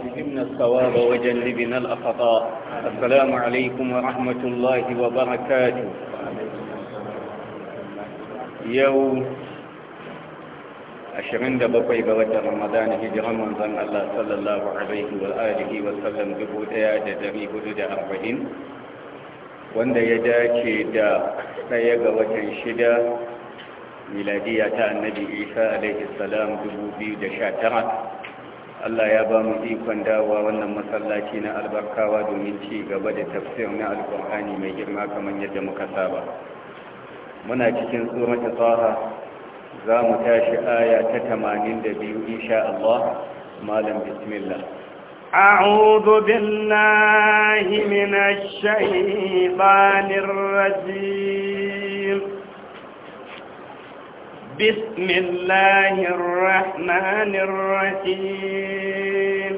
ألهمنا الثواب وجنبنا الأخطاء السلام عليكم ورحمة الله وبركاته يوم ashirin da bakwai ga watan ramadan hijiran manzon Allah sallallahu alaihi wa alihi wa sallam dubu daya da dari hudu da arba'in wanda ya dace da ɗaya ga watan shida miladiya ta annabi isa alaihi salam dubu biyu da sha tara Allah ya ba mu ikon dawowa wannan masallaci na albarkawa domin ci gaba da tafsir na alkur'ani mai girma kamar yadda muka saba muna cikin surata taha za mu tashi aya ta 82 insha Allah malam bismillah أعوذ بالله من الشيطان الرجيم بسم الله الرحمن الرحيم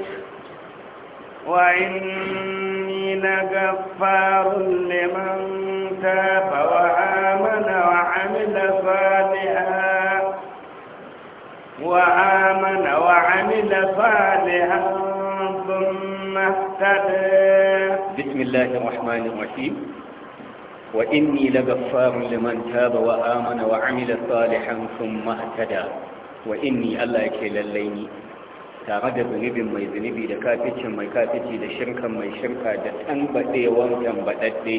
وإني لغفار لمن تاب وآمن وعمل صالحا وآمن وعمل صالحا ثم اهتدى بسم الله الرحمن الرحيم وإني لغفار لمن تاب وآمن وعمل صالحا ثم اهتدى وإني الله يكي لليني tare da zunubi mai zunubi da kafici mai kafici da shirkan mai shirka da ɗan baɗe baɗaɗɗe,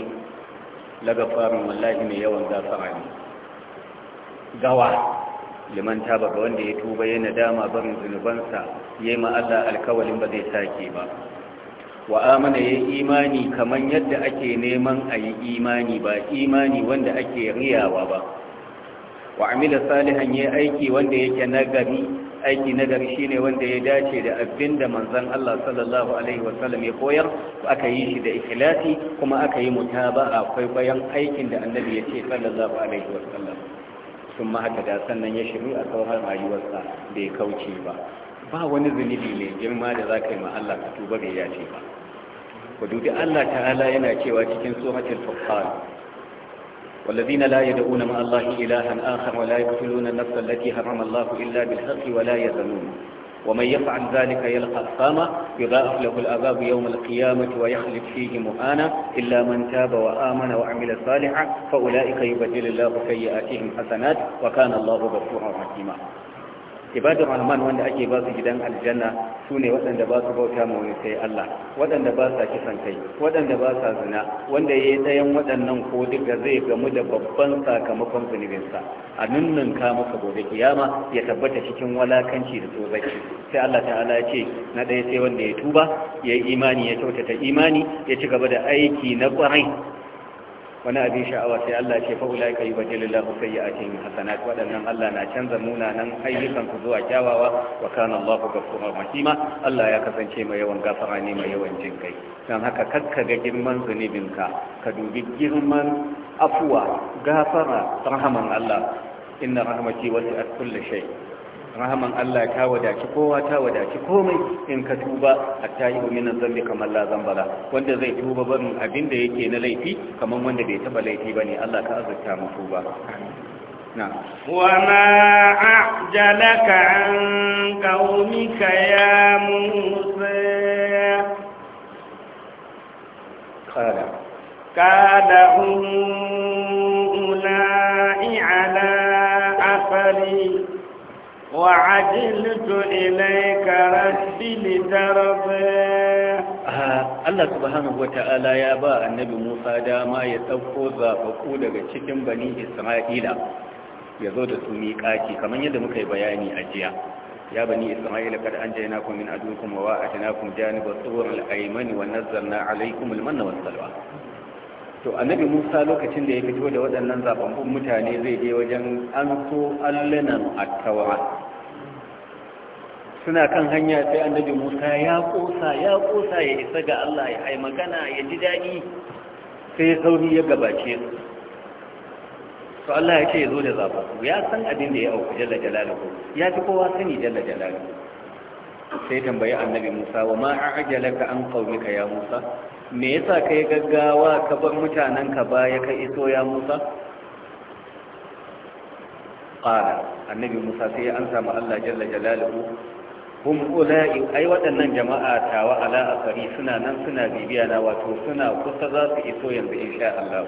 laga lagafarin wallahi mai yawan gafara ne gawa liman taba ga wanda ya tuba yana dama barin zunubansa ya yi ma'aza alkawalin ba zai sake ba wa amana ya imani kamar yadda ake neman a yi imani ba imani wanda ake riyawa ba wa amila salihan ya aiki wanda yake nagari aiki nagari shine wanda ya dace da abin da manzon Allah sallallahu alaihi wasallam ya koyar aka yi shi da ikhlasi kuma aka yi a kwaikwayon aikin da annabi ya ce sallallahu alaihi wasallam sun haka da sannan ya shiru a sauran rayuwarsa bai kauce ba ba wani zunubi mai girma da za ka yi ma Allah ka tuba bai yace ba ku الله تعالى ta'ala yana cewa سورة الفرقان والذين لا يدعون مع الله إلها آخر ولا يقتلون النفس التي حرم الله إلا بالحق ولا يزنون ومن يفعل ذلك يلقى أثاما يضاعف له الأباب يوم القيامة ويخلف فيه مهانا إلا من تاب وآمن وعمل صالحا فأولئك يبدل الله سيئاتهم حسنات وكان الله غفورا رحيما ibadar rahman wanda ake ba su gidan aljanna su ne waɗanda ba su bauta ma wani sai Allah waɗanda ba sa kisan kai waɗanda ba sa zina wanda ya yi ɗayan waɗannan ko duka zai gamu da babban sakamakon zunubinsa a nunnun ka maka gobe kiyama ya tabbata cikin walakanci da tsobaci sai Allah ta'ala ya ce na ɗaya sai wanda ya tuba ya yi imani ya kyautata imani ya ci gaba da aiki na ƙwarai wani abin sha'awa sai Allah ce fa ulai kai wa jalillahu sayyi'atin hasanat wadannan Allah na canza munanan ayyukan su zuwa kyawawa wa kana Allahu ghafurur rahima Allah ya kasance mai yawan gafara ne mai yawan jin kai dan haka kakka ga girman zunubinka ka dubi girman afuwa gafara rahaman Allah inna rahmati wasi'at kulli shay rahaman Allah ta wadaci kowa ta wadaci komai in ka tuba a yi min zambi kamar la zambala wanda zai tuba barin abin da yake na laifi kamar wanda bai taba laifi bane Allah ka azurta mu tuba نعم وما أعجلك عن قومك يا kada kada قال ula'i ala وعجلت إليك ربي لترضي Allah subhanahu wata'ala ya ba annabi Musa dama ya ɗauko zafaku daga cikin bani Isra'ila ya zo da su miƙaƙi kamar yadda muka yi bayani a jiya ya bani Isra'ila kada an jaina kun min adukum wa atina kun janiba tsur al-aymani wa nazzalna alaykum al-manna was salwa to annabi Musa lokacin da ya fito da waɗannan zafafun mutane zai je wajen an so allanan at-tawrat suna kan hanya sai annabi musa ya kosa ya kosa ya isa ga allah ya ai magana ya ji daɗi sai sauri ya gabace su to allah ya ce ya zo da zafa ya san abin da ya auku jalla jalaluhu ya fi kowa sani jalla jalaluhu sai tambayi annabi musa wa ma ajalaka an qaumika ya musa me yasa kai gaggawa ka bar mutanenka baya ka iso ya musa qala annabi musa sai ya ansa ma allah jalla jalaluhu hum ulai ai waɗannan jama'a tawa ala asari suna nan suna bibiya na wato suna kusa za su iso yanzu insha Allah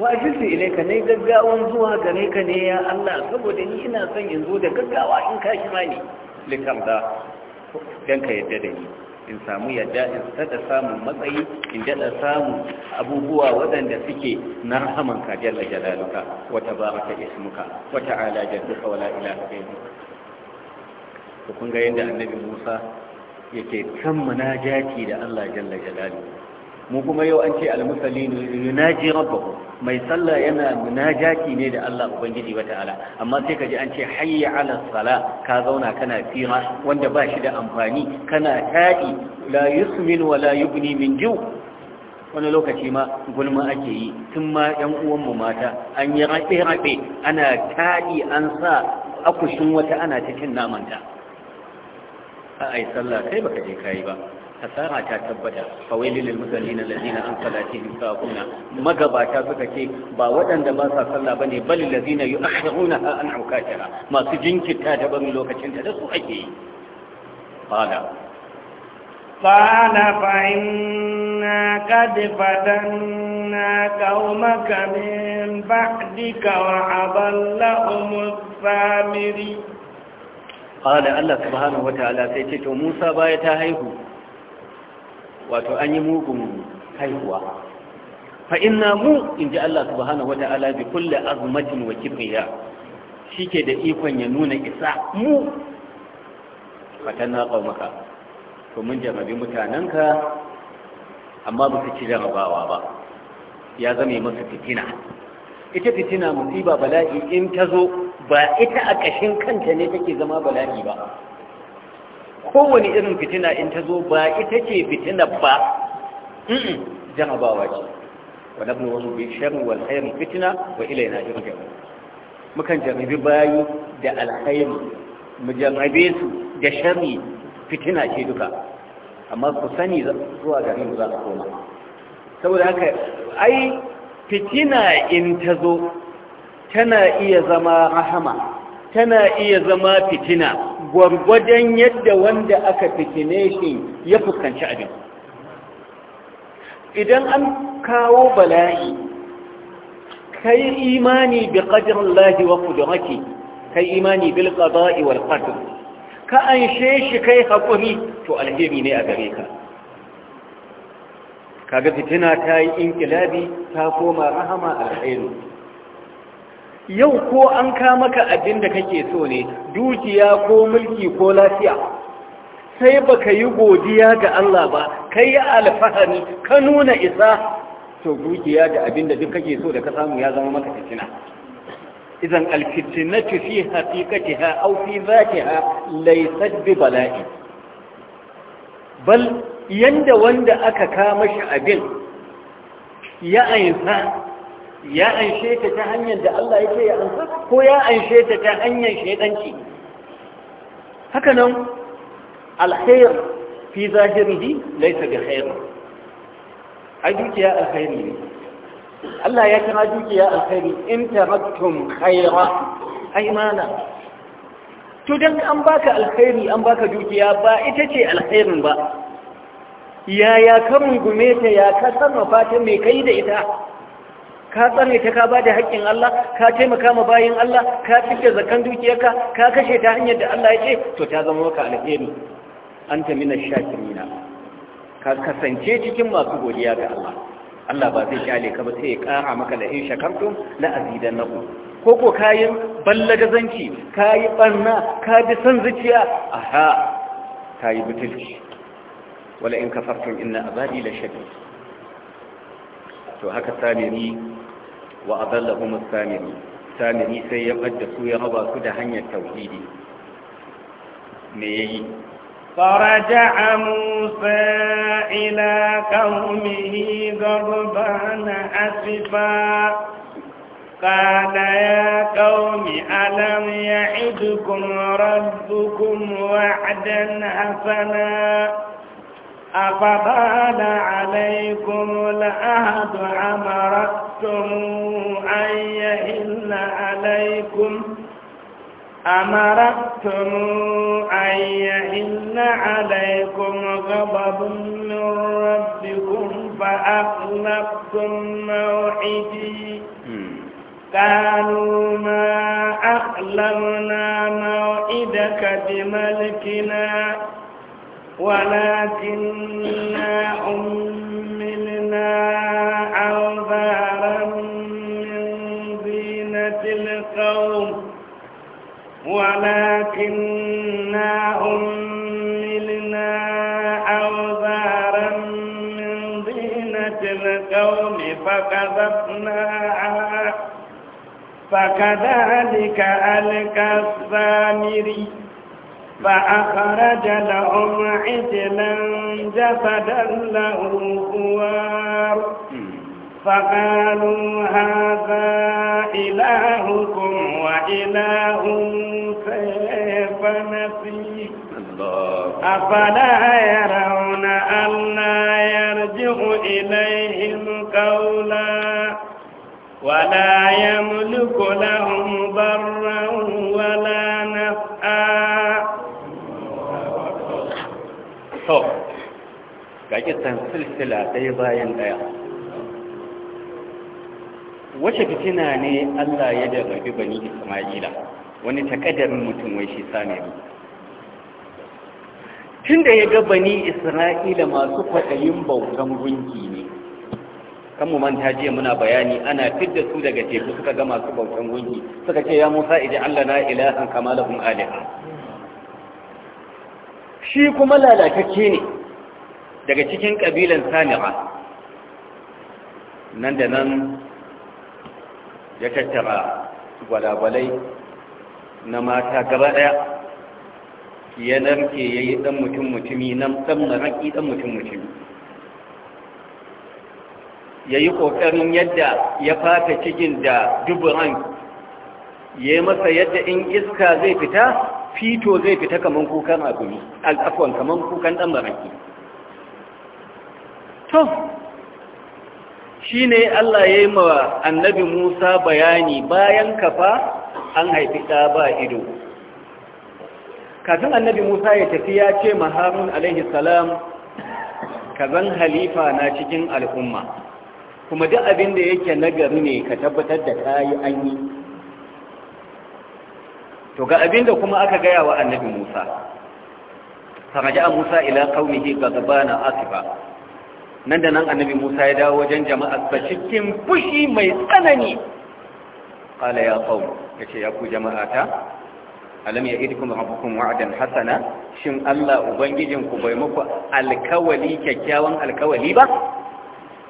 wa ajisu ilayka ne gaggawan zuwa gare ka ne ya Allah saboda ni ina son in zo da gaggawa in ka shi mani da, dan ka yadda da ni in samu yadda in tada samun matsayi in dada samu abubuwa waɗanda suke na rahaman ka jalla jalaluka wa tabaraka ismuka wa ta'ala jaddu wa la ilaha illa Kunga kun ga yadda annabi Musa yake kan munajati da Allah jalla jalali mu kuma yau an ce al-musallin yunaji rabbahu mai sallah yana munajati ne da Allah ubangiji wa ta'ala amma sai ka ji an ce hayya ala sala ka zauna kana tsira wanda ba shi da amfani kana tadi la yusmin wa la yubni min jiw. wani lokaci ma gulma ake yi tun ma yan uwanmu mata an yi rabe rabe ana tadi an sa akushin wata ana cikin namanta a sallah kai baka je kayi ba hasara ta tabbata fawailil lil musallin alladhina an salatihim saquna magabata suka ce ba waɗanda ba sa sallah bane bal alladhina yu'akhirunaha an awqatiha masu jinkirta da ban lokacin da su ake yi qala qala fa inna qad fatanna qaumaka min ba'dika wa aballahum samiri qala Allah subhanahu wataala sai ce to Musa baya ta haihu wato an yi mugun haihuwa fa inna mu inji Allah subhanahu wataala bi kulli azmatin wa kibriya shike da ikon ya nuna isa mu fatanna qaumaka to mun jarabi mutananka amma ba su ci jarabawa ba ya zame masu fitina ita fitina musiba bala'i in ta zo ba ita a ƙashin kanta ne take zama bala'i ba kowane irin fitina in ta zo ba ita ce fitina ba jarabawa ce wadda nabnu wasu bi walhairun fitina wa ila yana irin yurja'un mukan jarabi bayi da alkhairi mu jarrabe su da sharri fitina ce duka amma ku sani zuwa gare mu za a koma saboda haka ai fitina in ta zo tana iya zama rahama tana iya zama fitina gwargwadon yadda wanda aka fitine shi ya fuskanci abin idan an kawo bala'i kai imani bi qadarin lahi wa qudrati kai imani bil qada'i wal qadr ka anshe shi kai hakuri to alheri ne a gare ka kaga fitina ta yi inkilabi ta koma rahama alkhairu yau ko an ka maka abin da kake so ne dukiya ko mulki ko lafiya sai baka yi godiya ga Allah ba kai alfahari ka nuna isa to dukiya da abin da duk kake so da ka samu ya zama maka fitina idan alfitinatu fi haqiqatiha aw fi zatiha laysat bi bala'i bal yanda wanda aka kama shi abin ya ainsa ya anshe ta ta hanyar da Allah yake ya ansa ko ya anshe ta ta hanyar shaidanci haka nan alkhair fi zahirihi laysa bi khair ai dukiya alkhairi ne Allah ya kira dukiya alkhairi in taraktum khaira aymana to dan an baka alkhairi an baka dukiya ba ita ce alkhairin ba yaya ka rungume ta ya ka sarrafa fata mai kai da ita ka tsare ta ka ba da haƙƙin Allah ka taimaka ma bayin Allah ka fice zakan dukiyarka ka kashe ta hanyar da Allah ya ce to ta zama maka alheri anta ash shakirina ka kasance cikin masu godiya ga Allah Allah ba zai kyale ka ba sai ya ƙara maka da in shakartum la azidannakum ko ko kayin zanci kayi barna ka bi san zuciya aha kayi butulci ولئن كفرتم إن أبادي لشديد وهكا الثامري وأضلهم الثامري الثامري سيقد سوي ربا كده هنيا التوحيدي ميهي فرجع موسى إلى قومه غضبان أسفا قال يا قوم ألم يعدكم ربكم وعدا حسنا أفضال عليكم العهد أمرتم أن يحل عليكم أمرتم أن يحل عليكم غضب من ربكم فأخلفتم موعدي قالوا ما أخلفنا موعدك بملكنا ولكننا أملنا أوزارا من زينة القوم ولكننا أملنا من زينة القوم فكذبناها فكذلك ألقى السامري فأخرج لهم عجلا جسدا له خوار فقالوا هذا إلهكم وإله سيف نسيه أفلا يرون ألا يرجع إليهم قولا ولا يملك لهم ga san silsila ɗaya bayan ɗaya wace fitina ne Allah ya jarrabi bani Isma'ila wani takaddarin mutum wai shi same tun tunda ya ga bani Isra'ila masu kwaɗayin bautan gungi ne kan mu manta jiya muna bayani ana fidda su daga teku suka ga masu bautan gungi, suka ce ya Musa idan Allah na ilahan kama lahum aliha shi kuma lalatacce ne daga cikin ƙabilan sami'a nan da nan ya tattara gwalagwalai na mata gaba ɗaya ya narke ya yi ɗan mutum-mutumi nan ɗan maraƙi ɗan mutum-mutumi ya yi ƙoƙarin yadda ya fata cikin da duburan ya yi masa yadda in iska zai fita fito zai fita kamar kukan ne al'afon kamar kukan ɗan maraƙi to shi Allah ya yi ma annabi Musa bayani bayan kafa an haifi ɗa ba ido kafin annabi Musa ya tafi ya ce ma Harun alaihi salam ka zan halifa na cikin al'umma kuma duk abin da yake nagari ne ka tabbatar da kayi an yi to ga abin da kuma aka gaya wa annabi Musa a Musa ila qaumihi na asifa nan da nan annabi Musa ya dawo wajen jama'a sa cikin fushi mai tsanani Kala ya Ya ce ya ku jama'ata alam ya'idukum rabbukum wa'dan hasana shin Allah ubangijin ku bai muku alkawali kyakkyawan alkawali ba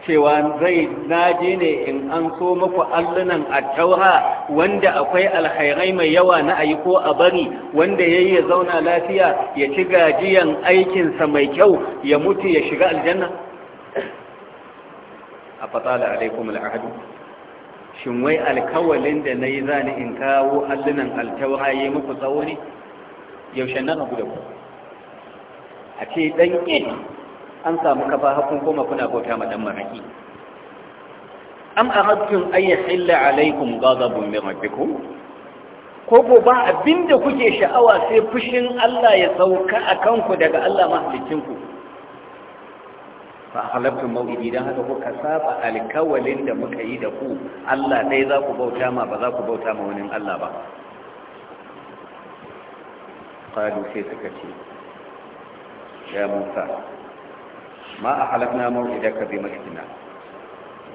cewa zai naje ne in an so muku allunan attaura wanda akwai alkhairai mai yawa na ayi ko a bari wanda yayi ya zauna lafiya ya ci gajiyan aikinsa mai kyau ya mutu ya shiga aljanna a fatala alaikum al'ahadu shin wai alkawalin da na yi zane in kawo allunan alkawar yi muku tsawo ne yaushe na abu da ku a ce ɗan ƙin an samu kafa hakun koma kuna bauta ma ɗan maraƙi am a hakkin ayyar hilla alaikum gazabun mai rabbikum ko ko ba abinda kuke sha'awa sai fushin Allah ya sauka a kanku daga Allah mahalicinku fa halabtum mawidi dan haka kuka saba alkawalin da muka yi da ku Allah dai za ku bauta ma ba za ku bauta ma wani Allah ba qalu sai suka ce ya Musa ma a halabna mawidaka bi masjidina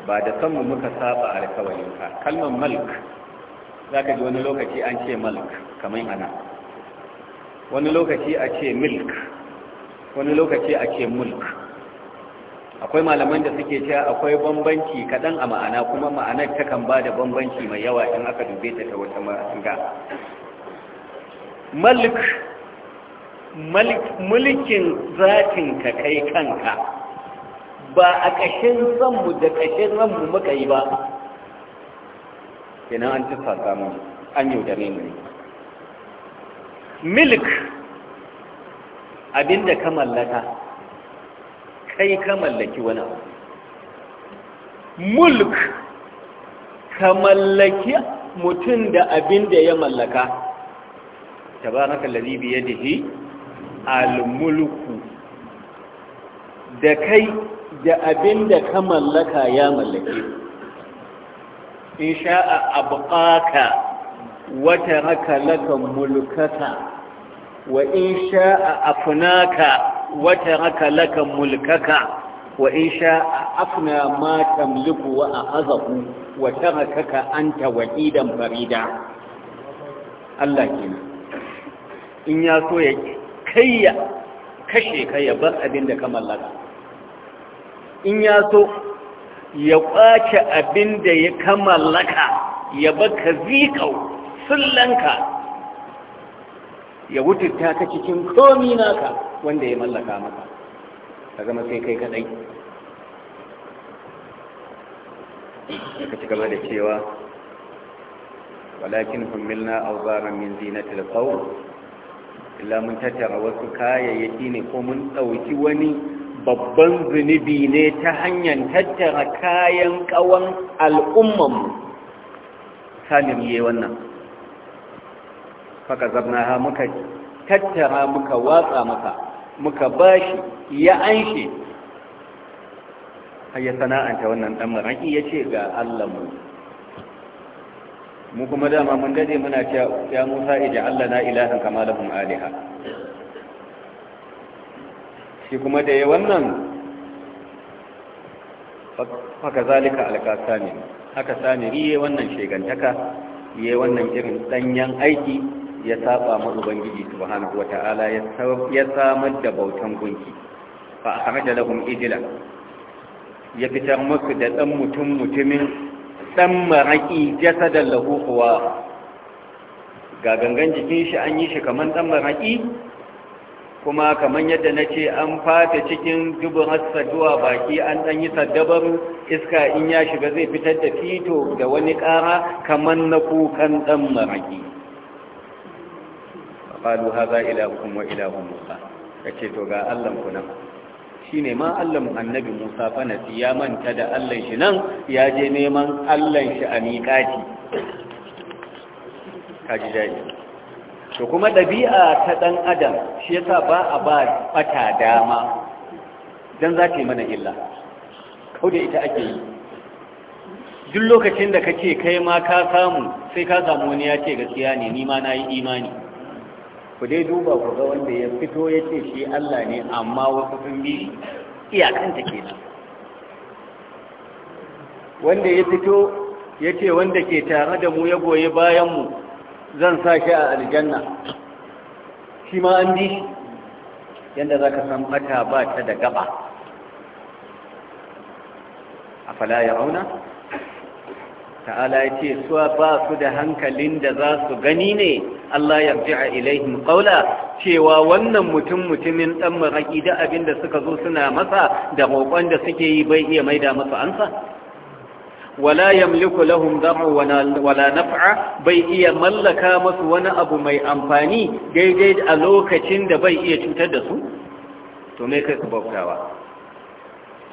ba da sanmu muka saba ka. kalmar malik za ka ji wani lokaci an ce mulk, kamar ana wani lokaci a ce milk wani lokaci a ce mulk akwai malaman da suke cewa akwai bambanci kaɗan a ma'ana kuma ma'anar takan ba da bambanci mai yawa in aka dube ta ta wata ma'anga malik mulkin zatin ka kai kanka ba a ƙashin sanmu da ƙashin ranmu muka yi ba kenan an tufa samun an yaudare mu ne milk abinda ka mallaka kai ka mallaki wani abu mulk ka mallaki mutum da abin da ya mallaka tabaraka allazi bi yadihi al-mulku da kai da abin da ka mallaka ya mallaki. in sha'a abqaka wata raka laka mulkata wa in sha'a afnaka وترك لك ملكك وإن شاء أفنى ما تملك وأخذه وتركك أنت وحيدا فريدا الله كنا إن يسوي كي kashe ka ya bar abin da ka mallaka in ya so ya kwace abin da ka mallaka ya zikau sullanka ya wututta ka cikin komi naka wanda ya mallaka maka ka zama sai kai kadai ka ci gaba da cewa walakin hummilna awzaran min al qawm illa mun tattara wasu kayayyaki ne ko mun dauki wani babban zunubi ne ta hanyar tattara kayan kawan al'umman sanin yi wannan faka ha, muka tattara muka watsa maka muka bashi ya anshi. ya sana'anta wannan dan maraki ya ce ga Allah mu mu kuma dama mun dade muna cewa ya Musa ija Allah na ilahan kama lahum aliha shi kuma da wannan haka zalika alƙasa ne haka sami ya wannan shegantaka ya wannan irin ɗanyen aiki ya saba ma ubangiji subhanahu wata'ala ya samar da bautan gunki fa akhraja lahum ijlan ya fitar musu da dan mutum mutumin dan maraki jasadan lahu huwa ga gangan jikin shi an yi shi kaman dan maraki kuma kaman yadda na ce an fata cikin dubin zuwa baki an ɗan yi saddabar iska in ya shiga zai fitar da fito da wani ƙara kaman na kukan ɗan maraƙi qalu hadha ilahukum wa ilahu musa kace to ga Allah ku nan shine ma Allah annabi Musa fa na ya manta da Allah shi nan ya je neman Allah shi a miƙati kaji dai to kuma dabi'a ta dan adam shi yasa ba a ba fata dama dan za ta yi mana illa kau da ita ake yi duk lokacin da kace kai ma ka samu sai ka samu wani ya ce gaskiya ne ni ma na yi imani ku dai duba ku ga wanda ya fito ya ce shi Allah ne amma wasu sun bi iyakanta kenan wanda ya fito ya ce wanda ke tare da mu ya goyi bayanmu zan sa shi a aljanna shi ma an bi yadda za ka san mata ba ta da gaba a fala ya auna ta'ala ya ce suwa ba su da hankalin da za su gani ne Allah ya fi'a ilaihim qawla cewa wannan mutum mutumin dan maraki da abin da suka zo suna masa da roƙon da suke yi bai iya maida masa ansa wala yamliku lahum dharra wala naf'a bai iya mallaka masu wani abu mai amfani daidai a lokacin da bai iya cutar da su to me kai ku bautawa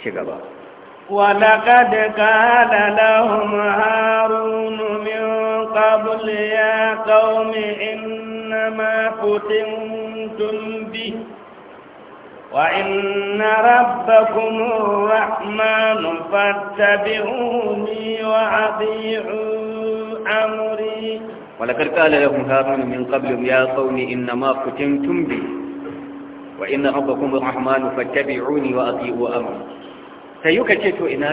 ci gaba qad qala lahum harun min قال يا قوم إنما فتنتم به وإن ربكم الرحمن فاتبعوني وأطيعوا أمري ولقد قال لهم هارون من قبل يا قوم إنما فتنتم به وإن ربكم الرحمن فاتبعوني وأطيعوا أمري sai yuka ce to ina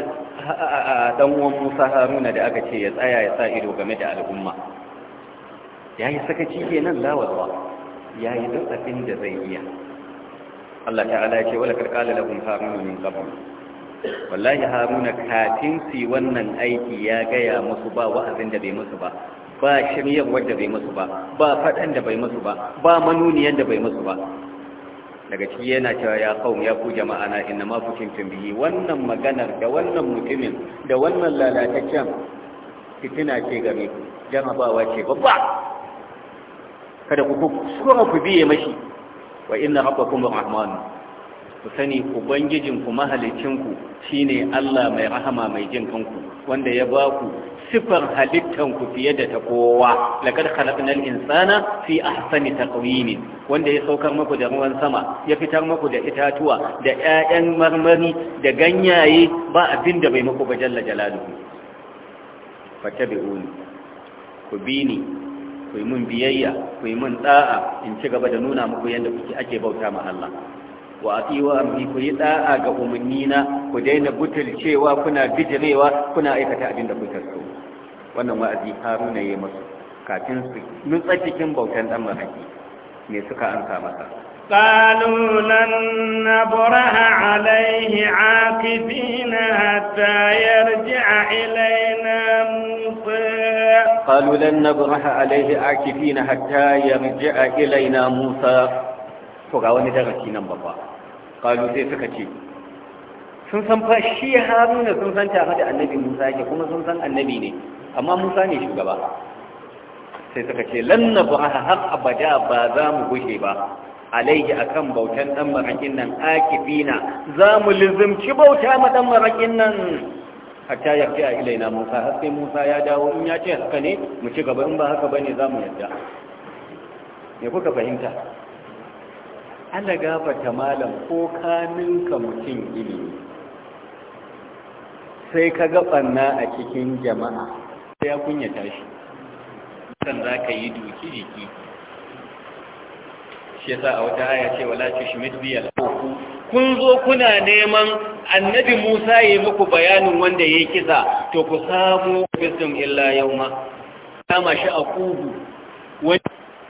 dan uwan Musa Haruna da aka ce ya tsaya ya sa ido game da al'umma yayi sakaci kenan lawazwa yayi duk abin da zai iya Allah ta'ala ya ce wala karqala lahum haruna min qabl wallahi haruna kafin su wannan aiki ya gaya musu ba wa'azin da bai musu ba ba shiryar wanda bai musu ba ba fadan da bai musu ba ba manuniyan da bai musu ba daga ciki yana cewa ya kawo ya ku jama'a na inna ma fitintum bihi wannan maganar da wannan mutumin da wannan lalataccen fitina ce gare ku jarabawa ce babba kada ku kuskura ku biye mashi wa inna rabbakum rahman ku sani ubangijinku mahalicinku shine Allah mai rahama mai jin kanku wanda ya ba ku sifar halittanku fiye da ta kowa laqad khalaqnal insana fi ahsani taqwim wanda ya saukar muku da ruwan sama ya fitar muku da itatuwa da ƴaƴan marmari da ganyaye ba abin da bai muku ba jalla jalaluhu fattabi'uni ku bi ni ku yi mun biyayya ku yi mun da'a in ci gaba da nuna muku yadda kuke ake bauta ma Allah wa atiwa amri ku yi da'a ga umannina ku daina butulcewa kuna bijirewa kuna aikata abin da kuka so wannan wa'azi haruna ya masu kafin su nutsa cikin bautan dan mahaifi ne suka anka masa قالوا لن نبرح عليه عاكفين حتى يرجع إلينا موسى قالوا لن نبرح عليه عاكفين حتى يرجع إلينا موسى فقالوا ندرسي نمبر suka ce. sun san fa shi haruna sun san tare da annabi musa ke kuma sun san annabi ne amma musa ne shugaba sai suka ce lanna ba har abada ba za mu gushe ba a akan bautan dan marakin nan akifina za mu lizimci bauta ma dan marakin nan hatta ya fi a ilaina musa har sai musa ya dawo in ya ce haka ne mu ci gaba in ba haka ba ne za mu yadda me kuka fahimta ana gafata malam ko kaninka mutum ilimi sai ka gabanna a cikin jama'a ya kunyata shi kan za ka yi duki jiki shi yasa a wata haya ce wala ce bi biya awfu kun zo kuna neman annabi Musa ya yi muku bayanin wanda ya yi kisa to ku samu bisum illa ma kama shi a kugu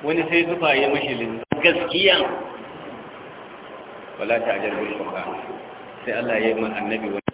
wani sai zufa ya mashi lin gaskiya wala ta'jal bil shubha sai Allah ya yi annabi wani